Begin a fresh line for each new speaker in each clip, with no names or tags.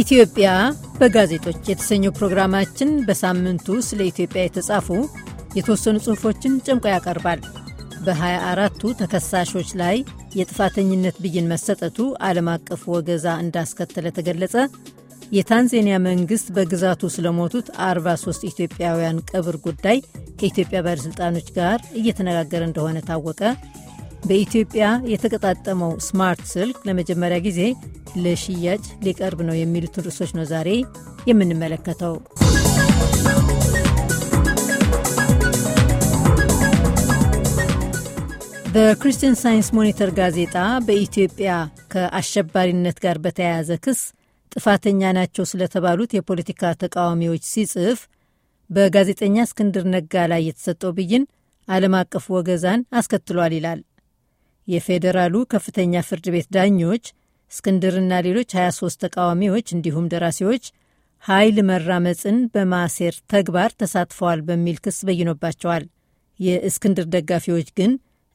ኢትዮጵያ በጋዜጦች የተሰኘው ፕሮግራማችን በሳምንቱ ስለ ኢትዮጵያ የተጻፉ የተወሰኑ ጽሑፎችን ጨምቆ ያቀርባል። በ24ቱ ተከሳሾች ላይ የጥፋተኝነት ብይን መሰጠቱ ዓለም አቀፍ ወገዛ እንዳስከተለ ተገለጸ፣ የታንዛኒያ መንግሥት በግዛቱ ስለሞቱት 43 ኢትዮጵያውያን ቀብር ጉዳይ ከኢትዮጵያ ባለሥልጣኖች ጋር እየተነጋገረ እንደሆነ ታወቀ፣ በኢትዮጵያ የተቀጣጠመው ስማርት ስልክ ለመጀመሪያ ጊዜ ለሽያጭ ሊቀርብ ነው የሚሉትን ርዕሶች ነው ዛሬ የምንመለከተው። በክርስቲያን ሳይንስ ሞኒተር ጋዜጣ በኢትዮጵያ ከአሸባሪነት ጋር በተያያዘ ክስ ጥፋተኛ ናቸው ስለተባሉት የፖለቲካ ተቃዋሚዎች ሲጽፍ በጋዜጠኛ እስክንድር ነጋ ላይ የተሰጠው ብይን ዓለም አቀፍ ወገዛን አስከትሏል ይላል። የፌዴራሉ ከፍተኛ ፍርድ ቤት ዳኞች እስክንድርና ሌሎች 23 ተቃዋሚዎች እንዲሁም ደራሲዎች ኃይል መራመፅን በማሴር ተግባር ተሳትፈዋል በሚል ክስ በይኖባቸዋል። የእስክንድር ደጋፊዎች ግን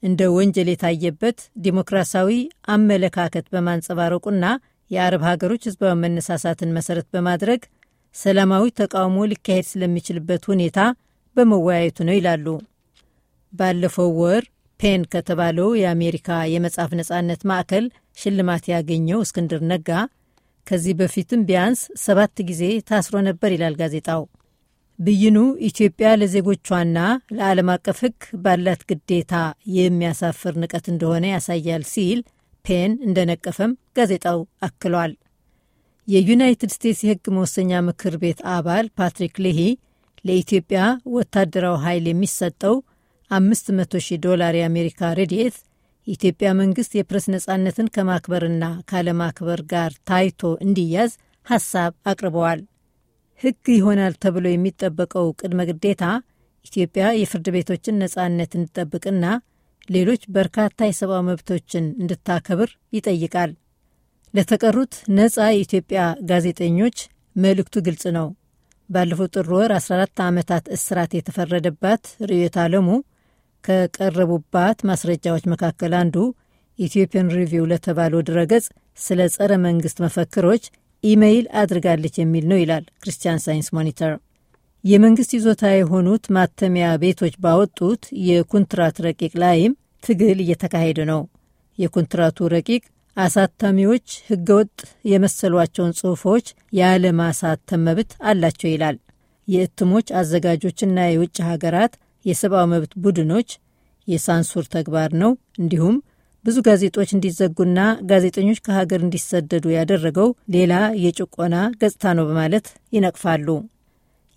እንደ ወንጀል የታየበት ዲሞክራሲያዊ አመለካከት በማንጸባረቁና የአረብ ሀገሮች ህዝባዊ መነሳሳትን መሰረት በማድረግ ሰላማዊ ተቃውሞ ሊካሄድ ስለሚችልበት ሁኔታ በመወያየቱ ነው ይላሉ። ባለፈው ወር ፔን ከተባለው የአሜሪካ የመጽሐፍ ነጻነት ማዕከል ሽልማት ያገኘው እስክንድር ነጋ ከዚህ በፊትም ቢያንስ ሰባት ጊዜ ታስሮ ነበር ይላል ጋዜጣው። ብይኑ ኢትዮጵያ ለዜጎቿና ለዓለም አቀፍ ሕግ ባላት ግዴታ የሚያሳፍር ንቀት እንደሆነ ያሳያል ሲል ፔን እንደነቀፈም ጋዜጣው አክሏል። የዩናይትድ ስቴትስ የሕግ መወሰኛ ምክር ቤት አባል ፓትሪክ ሌሂ ለኢትዮጵያ ወታደራዊ ኃይል የሚሰጠው 500 ሺህ ዶላር የአሜሪካ ረድኤት የኢትዮጵያ መንግስት የፕሬስ ነጻነትን ከማክበርና ካለማክበር ጋር ታይቶ እንዲያዝ ሐሳብ አቅርበዋል። ሕግ ይሆናል ተብሎ የሚጠበቀው ቅድመ ግዴታ ኢትዮጵያ የፍርድ ቤቶችን ነጻነት እንድጠብቅና ሌሎች በርካታ የሰብአዊ መብቶችን እንድታከብር ይጠይቃል። ለተቀሩት ነጻ የኢትዮጵያ ጋዜጠኞች መልእክቱ ግልጽ ነው። ባለፈው ጥር ወር 14 ዓመታት እስራት የተፈረደባት ርዕዮት ዓለሙ ከቀረቡባት ማስረጃዎች መካከል አንዱ ኢትዮጵያን ሪቪው ለተባለው ድረገጽ ስለ ጸረ መንግስት መፈክሮች ኢሜይል አድርጋለች የሚል ነው ይላል ክርስቲያን ሳይንስ ሞኒተር። የመንግስት ይዞታ የሆኑት ማተሚያ ቤቶች ባወጡት የኮንትራት ረቂቅ ላይም ትግል እየተካሄደ ነው። የኮንትራቱ ረቂቅ አሳታሚዎች ህገወጥ የመሰሏቸውን ጽሑፎች ያለማሳተም መብት አላቸው ይላል። የእትሞች አዘጋጆችና የውጭ ሀገራት የሰብአዊ መብት ቡድኖች የሳንሱር ተግባር ነው፣ እንዲሁም ብዙ ጋዜጦች እንዲዘጉና ጋዜጠኞች ከሀገር እንዲሰደዱ ያደረገው ሌላ የጭቆና ገጽታ ነው በማለት ይነቅፋሉ።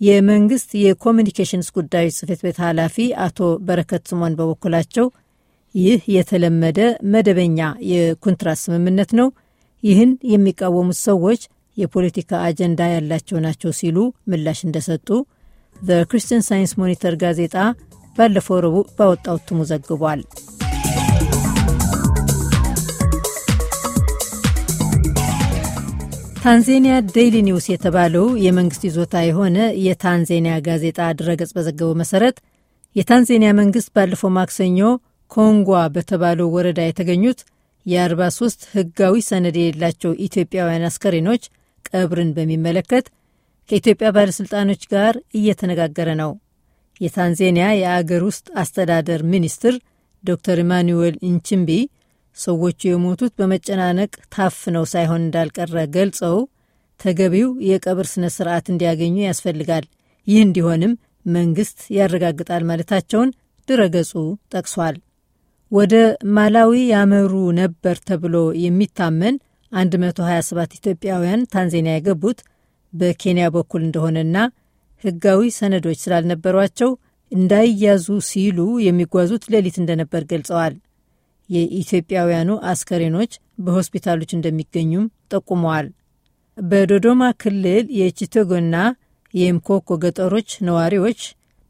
የመንግስት የኮሚኒኬሽንስ ጉዳዮች ጽህፈት ቤት ኃላፊ አቶ በረከት ስሞን በበኩላቸው ይህ የተለመደ መደበኛ የኮንትራት ስምምነት ነው፣ ይህን የሚቃወሙት ሰዎች የፖለቲካ አጀንዳ ያላቸው ናቸው ሲሉ ምላሽ እንደሰጡ በክርስቲያን ሳይንስ ሞኒተር ጋዜጣ ባለፈው ረቡዕ ባወጣው እትሙ ዘግቧል። ታንዜኒያ ዴይሊ ኒውስ የተባለው የመንግስት ይዞታ የሆነ የታንዜኒያ ጋዜጣ ድረገጽ በዘገበው መሰረት የታንዜኒያ መንግስት ባለፈው ማክሰኞ ኮንጓ በተባለው ወረዳ የተገኙት የ43 ህጋዊ ሰነድ የሌላቸው ኢትዮጵያውያን አስከሬኖች ቀብርን በሚመለከት ከኢትዮጵያ ባለሥልጣኖች ጋር እየተነጋገረ ነው። የታንዜኒያ የአገር ውስጥ አስተዳደር ሚኒስትር ዶክተር ኢማኑዌል ኢንችምቢ ሰዎቹ የሞቱት በመጨናነቅ ታፍነው ሳይሆን እንዳልቀረ ገልጸው ተገቢው የቀብር ስነ ስርዓት እንዲያገኙ ያስፈልጋል፣ ይህ እንዲሆንም መንግስት ያረጋግጣል ማለታቸውን ድረገጹ ጠቅሷል። ወደ ማላዊ ያመሩ ነበር ተብሎ የሚታመን 127 ኢትዮጵያውያን ታንዛኒያ የገቡት በኬንያ በኩል እንደሆነና ህጋዊ ሰነዶች ስላልነበሯቸው እንዳይያዙ ሲሉ የሚጓዙት ሌሊት እንደነበር ገልጸዋል። የኢትዮጵያውያኑ አስከሬኖች በሆስፒታሎች እንደሚገኙም ጠቁመዋል። በዶዶማ ክልል የቺቶጎና የኤምኮኮ ገጠሮች ነዋሪዎች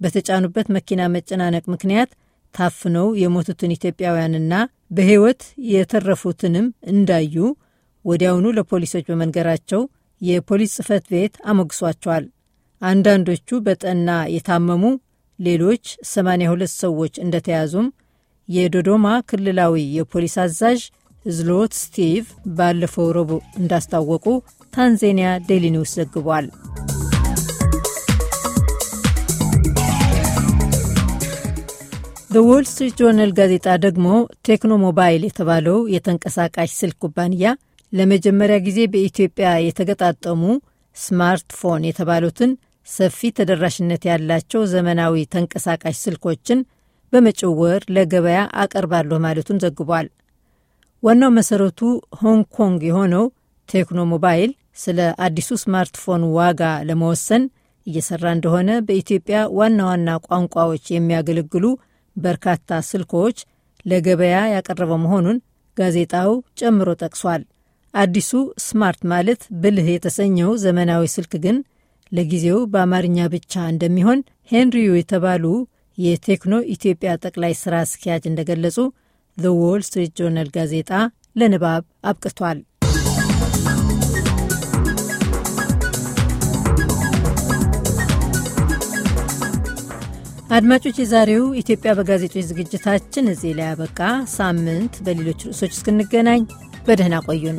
በተጫኑበት መኪና መጨናነቅ ምክንያት ታፍነው የሞቱትን ኢትዮጵያውያንና በሕይወት የተረፉትንም እንዳዩ ወዲያውኑ ለፖሊሶች በመንገራቸው የፖሊስ ጽህፈት ቤት አሞግሷቸዋል። አንዳንዶቹ በጠና የታመሙ ሌሎች 82 ሰዎች እንደተያዙም የዶዶማ ክልላዊ የፖሊስ አዛዥ ዝሎት ስቲቭ ባለፈው ረቡዕ እንዳስታወቁ ታንዛኒያ ዴሊ ኒውስ ዘግቧል። ዘ ዎል ስትሪት ጆርናል ጋዜጣ ደግሞ ቴክኖ ሞባይል የተባለው የተንቀሳቃሽ ስልክ ኩባንያ ለመጀመሪያ ጊዜ በኢትዮጵያ የተገጣጠሙ ስማርትፎን የተባሉትን ሰፊ ተደራሽነት ያላቸው ዘመናዊ ተንቀሳቃሽ ስልኮችን በመጪው ወር ለገበያ አቀርባለሁ ማለቱን ዘግቧል። ዋናው መሰረቱ ሆንግ ኮንግ የሆነው ቴክኖ ሞባይል ስለ አዲሱ ስማርትፎን ዋጋ ለመወሰን እየሰራ እንደሆነ በኢትዮጵያ ዋና ዋና ቋንቋዎች የሚያገለግሉ በርካታ ስልኮች ለገበያ ያቀረበ መሆኑን ጋዜጣው ጨምሮ ጠቅሷል። አዲሱ ስማርት ማለት ብልህ የተሰኘው ዘመናዊ ስልክ ግን ለጊዜው በአማርኛ ብቻ እንደሚሆን ሄንሪዩ የተባሉ የቴክኖ ኢትዮጵያ ጠቅላይ ስራ አስኪያጅ እንደገለጹ ዘ ዎል ስትሪት ጆርናል ጋዜጣ ለንባብ አብቅቷል። አድማጮች፣ የዛሬው ኢትዮጵያ በጋዜጦች ዝግጅታችን እዚህ ላይ ያበቃ። ሳምንት በሌሎች ርዕሶች እስክንገናኝ በደህና ቆዩን።